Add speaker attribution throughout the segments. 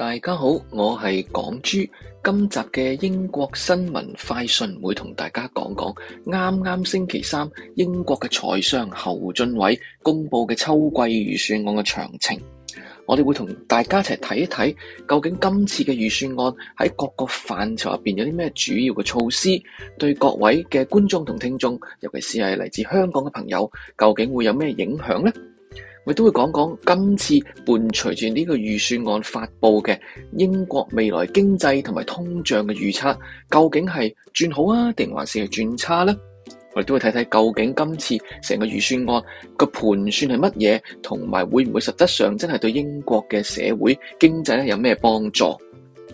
Speaker 1: 大家好，我係港豬。今集嘅英國新聞快訊會同大家講講，啱啱星期三英國嘅財相侯俊偉公布嘅秋季預算案嘅詳情。我哋會同大家一齊睇一睇，究竟今次嘅預算案喺各個範疇入邊有啲咩主要嘅措施，對各位嘅觀眾同聽眾，尤其是係嚟自香港嘅朋友，究竟會有咩影響呢？我哋都會講講今次伴隨住呢個預算案發佈嘅英國未來經濟同埋通脹嘅預測，究竟係轉好啊，定還是係轉差呢？我哋都會睇睇究竟今次成個預算案個盤算係乜嘢，同埋會唔會實質上真係對英國嘅社會經濟咧有咩幫助。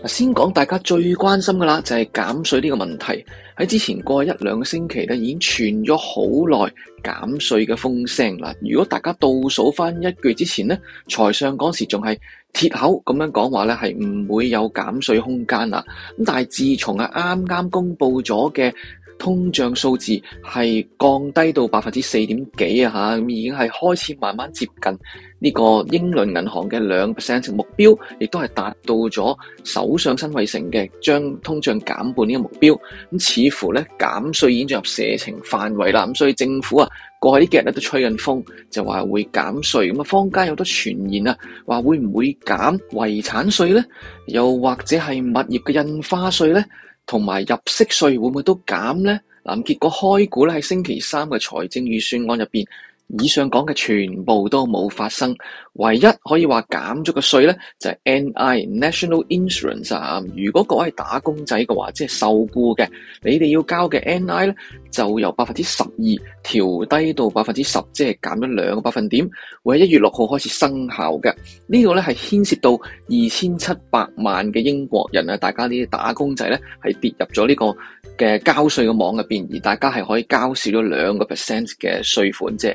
Speaker 1: 先講大家最關心噶啦，就係減稅呢個問題。喺之前過去一兩個星期咧，已經傳咗好耐減稅嘅風聲。嗱，如果大家倒數翻一句之前咧，財相嗰時仲係。鐵口咁樣講話咧，係唔會有減稅空間啦。咁但係自從啊啱啱公布咗嘅通脹數字係降低到百分之四點幾啊吓，咁已經係開始慢慢接近呢個英倫銀行嘅兩 percent 嘅目標，亦都係達到咗首相辛偉誠嘅將通脹減半呢個目標。咁似乎咧，減稅已經進入射程範圍啦。咁所以政府啊。我喺呢幾日都吹緊風，就話會減稅咁啊，坊間有多傳言啊，話會唔會減遺產稅咧？又或者係物業嘅印花稅咧，同埋入息稅會唔會都減咧？嗱，結果開估咧，喺星期三嘅財政預算案入邊。以上講嘅全部都冇發生，唯一可以話減咗個稅咧，就係 NI National Insurance。如果各位打工仔嘅話，即係受雇嘅，你哋要交嘅 NI 咧，就由百分之十二調低到百分之十，即係減咗兩個百分點，會喺一月六號開始生效嘅。呢個咧係牽涉到二千七百萬嘅英國人啊，大家呢啲打工仔咧係跌入咗呢個嘅交稅嘅網入邊，而大家係可以交少咗兩個 percent 嘅稅款啫。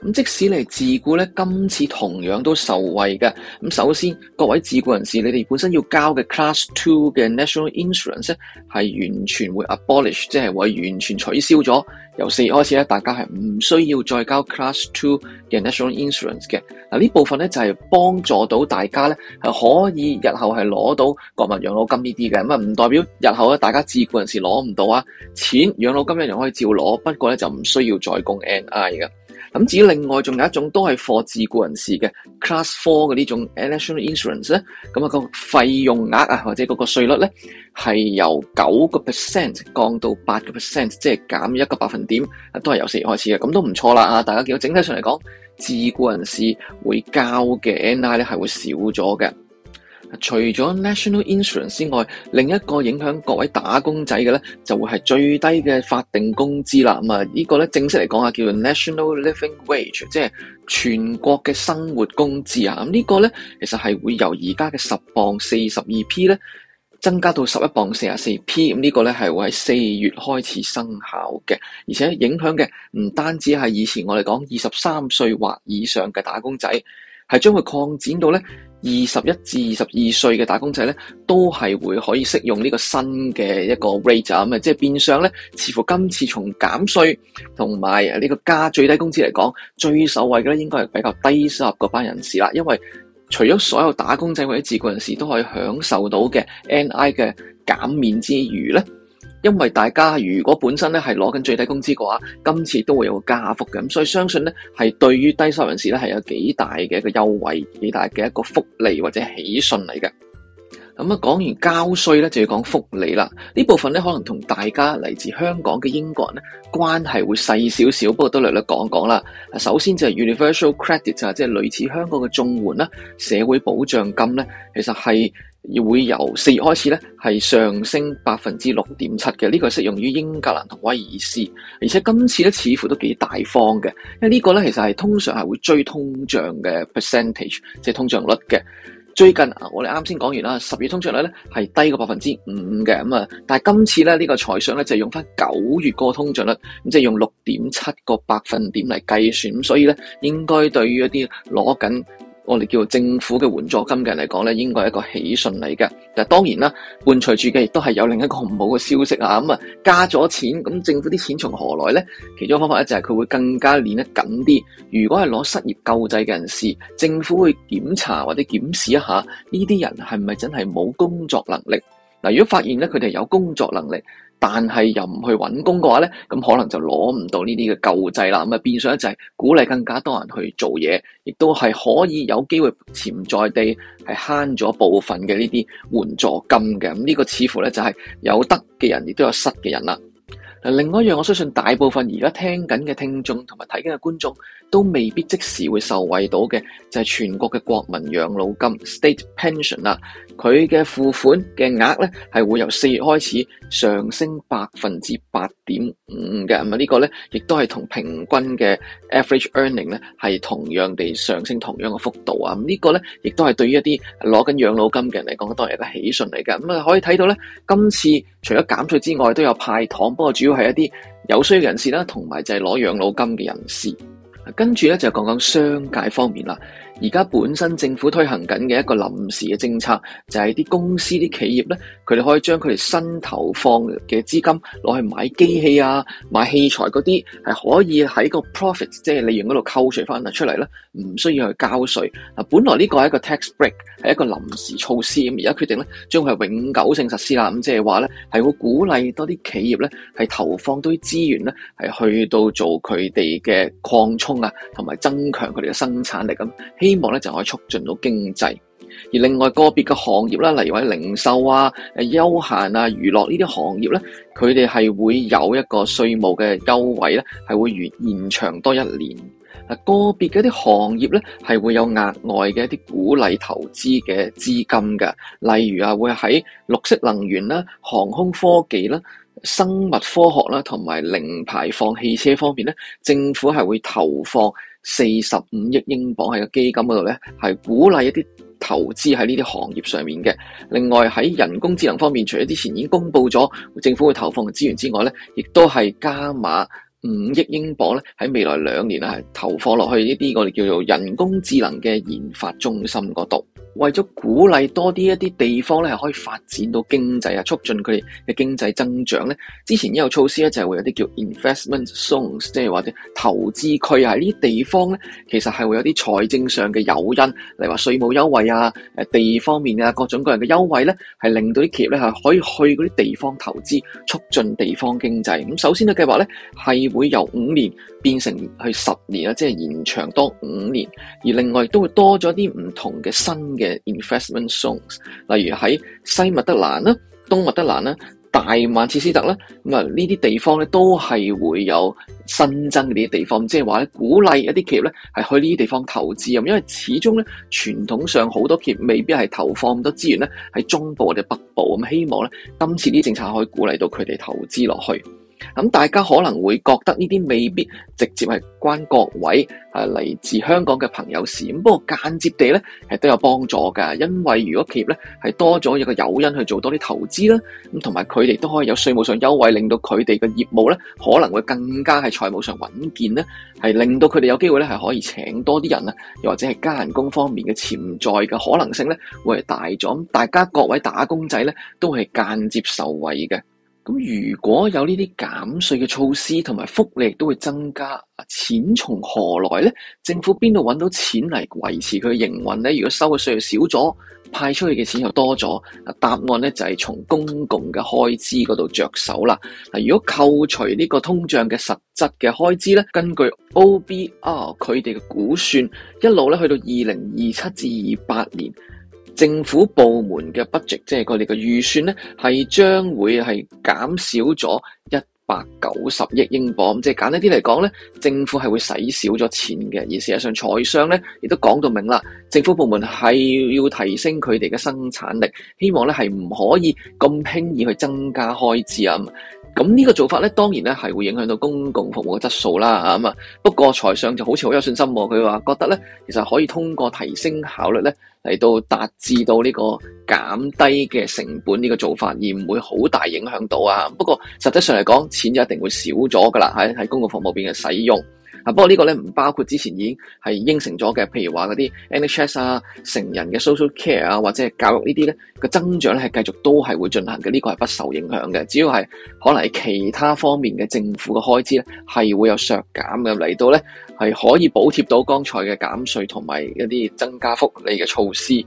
Speaker 1: 咁即使你自雇咧，今次同樣都受惠嘅。咁首先，各位自雇人士，你哋本身要交嘅 Class Two 嘅 National Insurance 咧，係完全會 abolish，即係會完全取消咗。由四月開始咧，大家係唔需要再交 Class Two 嘅 National Insurance 嘅嗱。呢、啊、部分咧就係、是、幫助到大家咧，係可以日後係攞到國民養老金呢啲嘅咁啊，唔代表日後咧大家自雇人士攞唔到啊，錢養老金一樣可以照攞，不過咧就唔需要再供 NI 嘅。咁至於另外仲有一種都係 for 自雇人士嘅 Class Four 嘅呢種 National Insurance 咧，咁啊個費用額啊或者嗰個稅率咧係由九個 percent 降到八個 percent，即係減一個百分點，都係由四月開始嘅，咁都唔錯啦啊！大家見到整體上嚟講，自雇人士會交嘅 NI 咧係會少咗嘅。除咗 National Insurance 之外，另一個影響各位打工仔嘅咧，就會係最低嘅法定工資啦。咁、嗯、啊，這個、呢個咧正式嚟講啊，叫做 National Living Wage，即係全國嘅生活工資啊。咁、嗯這個、呢個咧，其實係會由而家嘅十磅四十二 p 咧，增加到十一磅四十四 p、嗯。咁、這個、呢個咧係會喺四月開始生效嘅，而且影響嘅唔單止係以前我哋講二十三歲或以上嘅打工仔，係將會擴展到咧。二十一至二十二歲嘅打工仔咧，都係會可以適用呢個新嘅一個 rate 咁啊！即係變相咧，似乎今次從減稅同埋呢個加最低工資嚟講，最受惠嘅咧應該係比較低收入嗰班人士啦。因為除咗所有打工仔或者自雇人士都可以享受到嘅 NI 嘅減免之餘咧。因為大家如果本身咧係攞緊最低工資嘅話，今次都會有個加幅嘅，咁所以相信咧係對於低收入人士咧係有幾大嘅一個優惠，幾大嘅一個福利或者喜訊嚟嘅。咁啊，講完交稅咧就要講福利啦。呢部分咧可能同大家嚟自香港嘅英國人咧關係會細少少，不過都略略講講啦。首先就係 Universal Credit 就係即係類似香港嘅綜援啦，社會保障金咧其實係。要會由四月開始咧，係上升百分之六點七嘅，呢、呢個適用於英格蘭同威爾斯，而且今次咧似乎都幾大方嘅，因為個呢個咧其實係通常係會追通脹嘅 percentage，即係通脹率嘅。最近我哋啱先講完啦，十月通脹率咧係低過百分之五嘅，咁啊，但係今次咧呢、呢個財相咧就係、用翻九月個通脹率，咁即係用六點七個百分點嚟計算，咁所以咧應該對於一啲攞緊。我哋叫做政府嘅援助金嘅嚟講咧，應該係一個喜訊嚟嘅。但當然啦，伴隨住嘅亦都係有另一個唔好嘅消息啊！咁啊，加咗錢，咁政府啲錢從何來咧？其中一個方法咧就係佢會更加練得緊啲。如果係攞失業救濟嘅人士，政府會檢查或者檢視一下呢啲人係唔係真係冇工作能力。嗱，如果發現咧，佢哋有工作能力。但係又唔去揾工嘅話呢，咁可能就攞唔到呢啲嘅救濟啦。咁啊，變相就係鼓勵更加多人去做嘢，亦都係可以有機會潛在地係慳咗部分嘅呢啲援助金嘅。咁呢個似乎呢，就係有得嘅人亦都有失嘅人啦。另外一樣，我相信大部分而家聽緊嘅聽眾同埋睇緊嘅觀眾都未必即時會受惠到嘅，就係、是、全國嘅國民養老金 （state pension） 啦。佢嘅付款嘅額咧，係會由四月開始上升百分之八點五嘅。咁啊，嗯這個、呢個咧亦都係同平均嘅 average earning 咧係同樣地上升同樣嘅幅度啊。咁、嗯這個、呢個咧亦都係對於一啲攞緊養老金嘅人嚟講，當然係喜訊嚟嘅。咁、嗯、啊，可以睇到咧，今次除咗減稅之外，都有派糖，不過主要要係一啲有需要嘅人士啦，同埋就係攞養老金嘅人士。跟住咧就講講商界方面啦。而家本身政府推行緊嘅一個臨時嘅政策，就係啲公司啲企業咧，佢哋可以將佢哋新投放嘅資金攞去買機器啊、買器材嗰啲，係可以喺個 profit 即係利潤嗰度扣除翻嚟出嚟咧，唔需要去交稅。啊，本來呢個係一個 tax break 係一個臨時措施咁，而家決定咧將佢永久性實施啦。咁即係話咧係會鼓勵多啲企業咧係投放多啲資源咧係去到做佢哋嘅擴充。同埋增強佢哋嘅生產力咁，希望咧就可以促進到經濟。而另外個別嘅行業啦，例如喺零售啊、誒休閒啊、娛樂呢啲行業咧，佢哋係會有一個稅務嘅優惠咧，係會延延長多一年。啊，個別嘅啲行業咧係會有額外嘅一啲鼓勵投資嘅資金嘅，例如啊，會喺綠色能源啦、航空科技啦。生物科學啦，同埋零排放汽車方面咧，政府係會投放四十五億英鎊喺個基金嗰度咧，係鼓勵一啲投資喺呢啲行業上面嘅。另外喺人工智能方面，除咗之前已經公佈咗政府會投放嘅資源之外咧，亦都係加碼。五億英鎊咧，喺未來兩年咧係投放落去呢啲我哋叫做人工智能嘅研發中心嗰度，為咗鼓勵多啲一啲地方咧係可以發展到經濟啊，促進佢哋嘅經濟增長咧。之前呢個措施咧就係會有啲叫 investment zones，即係或者投資區啊，呢啲地方咧其實係會有啲財政上嘅誘因，例如話稅務優惠啊、誒地方面啊各種各樣嘅優惠咧，係令到啲企業咧係可以去嗰啲地方投資，促進地方經濟。咁首先嘅計劃咧係。會由五年變成去十年啦，即係延長多五年，而另外都會多咗啲唔同嘅新嘅 investment zones，例如喺西墨德蘭啦、東墨德蘭啦、大曼切斯特啦，咁啊呢啲地方咧都係會有新增嘅啲地方，即係話咧鼓勵一啲企業咧係去呢啲地方投資，咁因為始終咧傳統上好多企業未必係投放咁多資源咧喺中部或者北部，咁希望咧今次啲政策可以鼓勵到佢哋投資落去。咁大家可能會覺得呢啲未必直接係關各位係嚟自香港嘅朋友事，咁不過間接地呢係都有幫助㗎。因為如果企業呢係多咗一個誘因去做多啲投資啦，咁同埋佢哋都可以有稅務上優惠，令到佢哋嘅業務呢可能會更加係財務上穩健呢係令到佢哋有機會呢係可以請多啲人啊，又或者係加人工方面嘅潛在嘅可能性呢會係大咗，咁大家各位打工仔呢都係間接受惠嘅。咁如果有呢啲減稅嘅措施同埋福利都會增加，錢從何來呢？政府邊度揾到錢嚟維持佢嘅營運呢？如果收嘅稅又少咗，派出去嘅錢又多咗，答案呢就係從公共嘅開支嗰度着手啦。嗱，如果扣除呢個通脹嘅實質嘅開支呢，根據 OBR 佢哋嘅估算，一路咧去到二零二七至二八年。政府部門嘅 budget，即係佢哋嘅預算咧，係將會係減少咗一百九十億英鎊，即係簡單啲嚟講咧，政府係會使少咗錢嘅，而事實上財相咧，亦都講到明啦，政府部門係要提升佢哋嘅生產力，希望咧係唔可以咁輕易去增加開支啊。咁呢個做法咧，當然咧係會影響到公共服務嘅質素啦，咁啊。不過財相就好似好有信心，佢話覺得咧，其實可以通過提升效率咧，嚟到達至到呢個減低嘅成本呢個做法，而唔會好大影響到啊。不過實質上嚟講，錢就一定會少咗噶啦，喺喺公共服務邊嘅使用。這不過呢個咧唔包括之前已經係應承咗嘅，譬如話嗰啲 NHS 啊、成人嘅 social care 啊，或者係教育這些呢啲咧嘅增長咧係繼續都係會進行嘅，呢個係不受影響嘅。只要係可能係其他方面嘅政府嘅開支咧係會有削減嘅，嚟到咧係可以補貼到剛才嘅減稅同埋一啲增加福利嘅措施。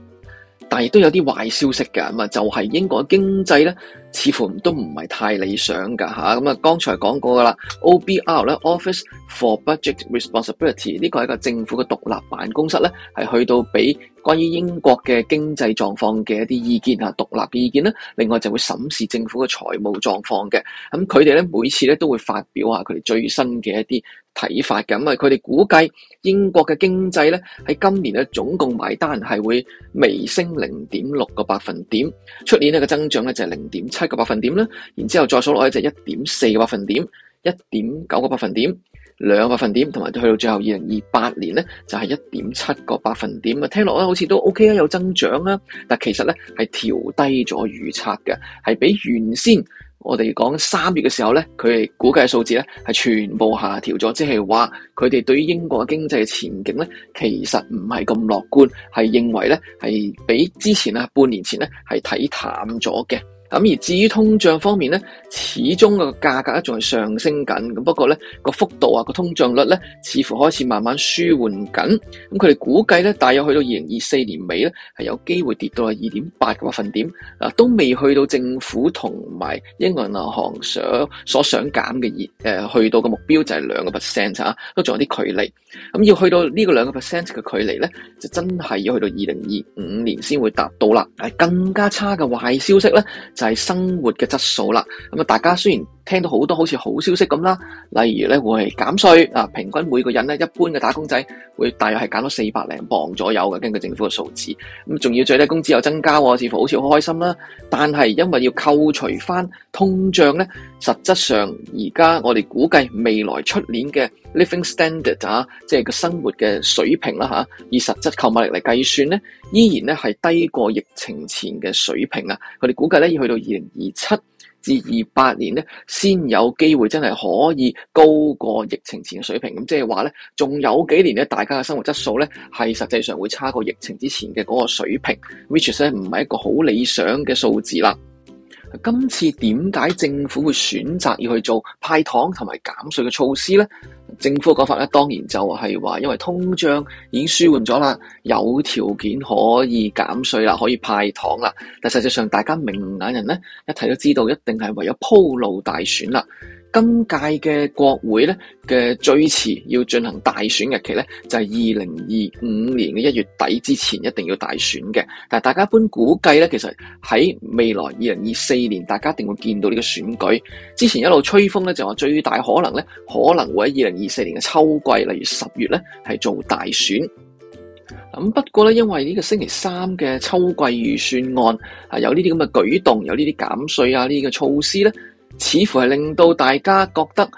Speaker 1: 但係亦都有啲壞消息㗎，咁啊就係、是、英國經濟咧。似乎都唔係太理想㗎吓，咁啊剛才講過㗎啦，OBR 咧 Office for Budget Responsibility 呢個係一個政府嘅獨立辦公室咧，係去到俾關於英國嘅經濟狀況嘅一啲意見啊，獨立嘅意見啦。另外就會審視政府嘅財務狀況嘅。咁佢哋咧每次咧都會發表下佢哋最新嘅一啲睇法㗎，因為佢哋估計英國嘅經濟咧喺今年咧總共埋單係會微升零點六個百分點，出年咧個增長咧就係零點七。七個百分點啦，然之後再數落去就一點四個百分點，一點九個百分點，兩百分點，同埋去到最後二零二八年咧就係一點七個百分點。聽落咧好似都 OK 啦，有增長啦、啊。但其實咧係調低咗預測嘅，係比原先我哋講三月嘅時候咧，佢哋估計嘅數字咧係全部下調咗，即係話佢哋對於英國嘅經濟嘅前景咧其實唔係咁樂觀，係認為咧係比之前啊半年前咧係睇淡咗嘅。咁而至於通脹方面咧，始終個價格咧仲係上升緊。咁不過咧個幅度啊個通脹率咧，似乎開始慢慢舒緩緊。咁佢哋估計咧，大約去到二零二四年尾咧，係有機會跌到係二點八個百分點。嗱，都未去到政府同埋英國銀行所所想減嘅熱誒，去到嘅目標就係兩個 percent 啊，都仲有啲距離。咁要去到呢個兩個 percent 嘅距離咧，就真係要去到二零二五年先會達到啦。但係更加差嘅壞消息咧，就係生活嘅質素啦。咁啊，大家雖然聽到很多好多好似好消息咁啦，例如咧會減稅啊，平均每個人咧一般嘅打工仔會大約係減到多四百零磅左右嘅，根據政府嘅數字。咁仲要最低工資又增加，似乎好似好開心啦。但係因為要扣除翻通脹咧，實質上而家我哋估計未來出年嘅。living standard 啊，即係個生活嘅水平啦嚇，以實質購買力嚟計算咧，依然咧係低過疫情前嘅水平啊！佢哋估計咧要去到二零二七至二八年咧，先有機會真係可以高過疫情前嘅水平。咁即係話咧，仲有幾年咧，大家嘅生活質素咧係實際上會差過疫情之前嘅嗰個水平，which is 咧唔係一個好理想嘅數字啦。今次點解政府會選擇要去做派糖同埋減稅嘅措施呢？政府嘅講法咧，當然就係話因為通脹已經舒緩咗啦，有條件可以減稅啦，可以派糖啦。但實際上，大家明眼人呢，一睇都知道，一定係為咗鋪路大選啦。今屆嘅國會咧嘅最遲要進行大選日期咧，就係二零二五年嘅一月底之前一定要大選嘅。但係大家一般估計咧，其實喺未來二零二四年，大家一定會見到呢個選舉。之前一路吹風咧，就話最大可能咧，可能會喺二零二四年嘅秋季，例如十月咧，係做大選。咁不過咧，因為呢個星期三嘅秋季預算案啊，有呢啲咁嘅舉動，有呢啲減稅啊，呢啲嘅措施咧。似乎係令到大家覺得，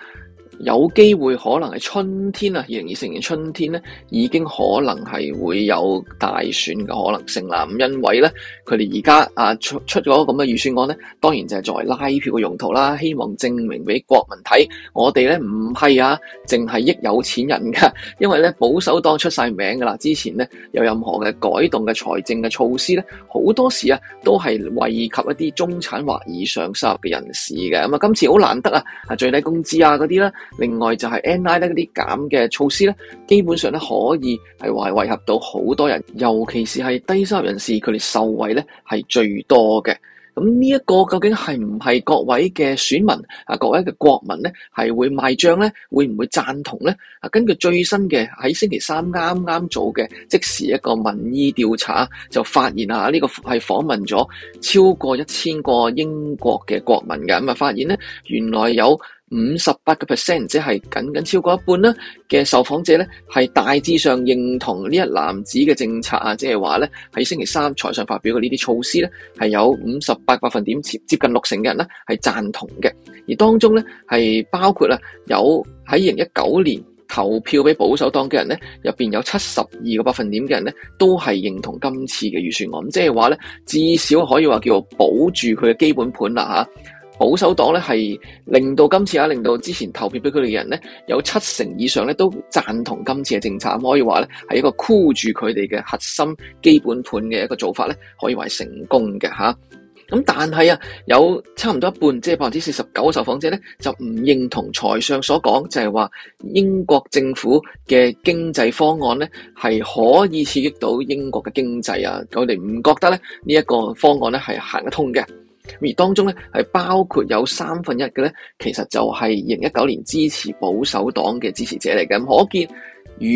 Speaker 1: 有機會可能係春天啊！二零二四年春天咧，已經可能係會有大選嘅可能性啦。咁因為咧，佢哋而家啊出出咗咁嘅預算案咧，當然就係作為拉票嘅用途啦。希望證明俾國民睇，我哋咧唔係啊，淨係益有錢人㗎。因為咧，保守黨出晒名㗎啦，之前咧有任何嘅改動嘅財政嘅措施咧，好多時啊都係惠及一啲中產或以上收入嘅人士嘅。咁、嗯、啊，今次好難得啊，係最低工資啊嗰啲啦。另外就係 NI 咧嗰啲減嘅措施咧，基本上咧可以係話係惠及到好多人，尤其是係低收入人士佢哋受惠咧係最多嘅。咁呢一個究竟係唔係各位嘅選民啊，各位嘅國民咧係會賣賬咧，會唔會贊同咧？啊，根據最新嘅喺星期三啱啱做嘅即時一個民意調查，就發現啊呢、這個係訪問咗超過一千個英國嘅國民嘅，咁啊，發現咧原來有。五十八個 percent，即係僅僅超過一半啦嘅受訪者咧，係大致上認同呢一籃子嘅政策啊，即係話咧，喺星期三財相發表嘅呢啲措施咧，係有五十八百分點接接近六成嘅人啦係贊同嘅，而當中咧係包括啊有喺二零一九年投票俾保守黨嘅人咧，入邊有七十二個百分點嘅人咧都係認同今次嘅預算案，即係話咧至少可以話叫做保住佢嘅基本盤啦、啊、吓。保守黨咧係令到今次啊，令到之前投票俾佢哋嘅人咧有七成以上咧都贊同今次嘅政策，咁可以話咧係一個箍住佢哋嘅核心基本盤嘅一個做法咧，可以話係成功嘅吓。咁但係啊，有差唔多一半，即係百分之四十九嘅受訪者咧就唔認同財相所講，就係話英國政府嘅經濟方案咧係可以刺激到英國嘅經濟啊，佢哋唔覺得咧呢一個方案咧係行得通嘅。而當中咧係包括有三分一嘅咧，其實就係二零一九年支持保守黨嘅支持者嚟嘅。咁，可見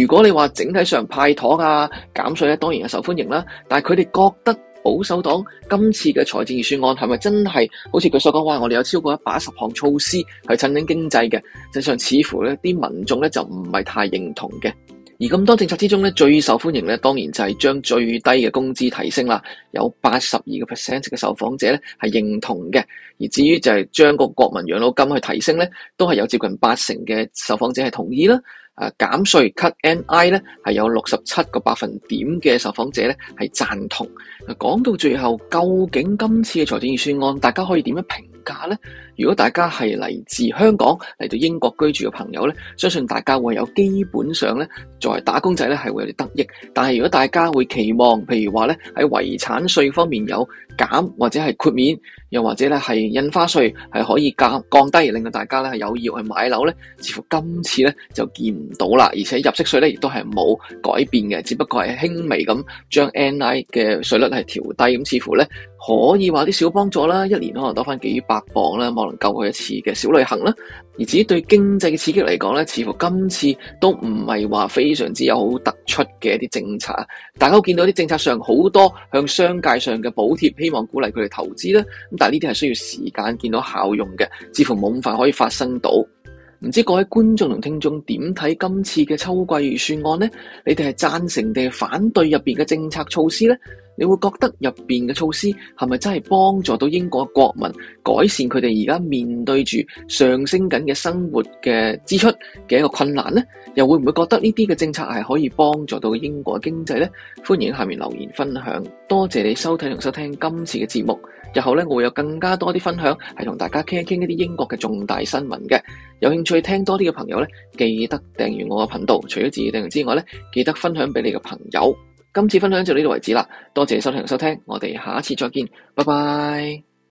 Speaker 1: 如果你話整體上派妥啊減稅咧，當然係受歡迎啦。但係佢哋覺得保守黨今次嘅財政預算案係咪真係好似佢所講話，我哋有超過一百一十項措施係振興經濟嘅？實際上似乎咧啲民眾咧就唔係太認同嘅。而咁多政策之中呢，最受歡迎呢當然就係將最低嘅工資提升啦。有八十二個 percent 嘅受訪者呢係認同嘅。而至於就係將個國民養老金去提升呢，都係有接近八成嘅受訪者係同意啦。啊，減稅 cut NI 呢係有六十七個百分點嘅受訪者呢係贊同。講到最後，究竟今次嘅財政預算案，大家可以點樣評？咧，如果大家係嚟自香港嚟到英國居住嘅朋友咧，相信大家會有基本上咧，作為打工仔咧係會有啲得益。但係如果大家會期望，譬如話咧喺遺產稅方面有減或者係豁免，又或者咧係印花稅係可以降低，令到大家咧有意去買樓咧，似乎今次咧就見唔到啦。而且入息稅咧亦都係冇改變嘅，只不過係輕微咁將 N I 嘅稅率係調低咁，似乎咧。可以話啲小幫助啦，一年可能多翻幾百磅啦，望能夠去一次嘅小旅行啦。而至於對經濟嘅刺激嚟講咧，似乎今次都唔係話非常之有好突出嘅一啲政策。大家見到啲政策上好多向商界上嘅補貼，希望鼓勵佢哋投資啦。咁但係呢啲係需要時間見到效用嘅，似乎冇咁快可以發生到。唔知各位觀眾同聽眾點睇今次嘅秋季預算案呢？你哋係贊成定係反對入面嘅政策措施呢？你會覺得入邊嘅措施係咪真係幫助到英國嘅國民改善佢哋而家面對住上升緊嘅生活嘅支出嘅一個困難呢？又會唔會覺得呢啲嘅政策係可以幫助到英國經濟呢？歡迎下面留言分享。多謝你收睇同收聽今次嘅節目。日後咧，我會有更加多啲分享，係同大家傾一傾一啲英國嘅重大新聞嘅。有興趣聽多啲嘅朋友咧，記得訂閱我嘅頻道。除咗自己訂閱之外咧，記得分享俾你嘅朋友。今次分享就到呢度為止啦，多謝收聽收聽，我哋下次再見，拜拜。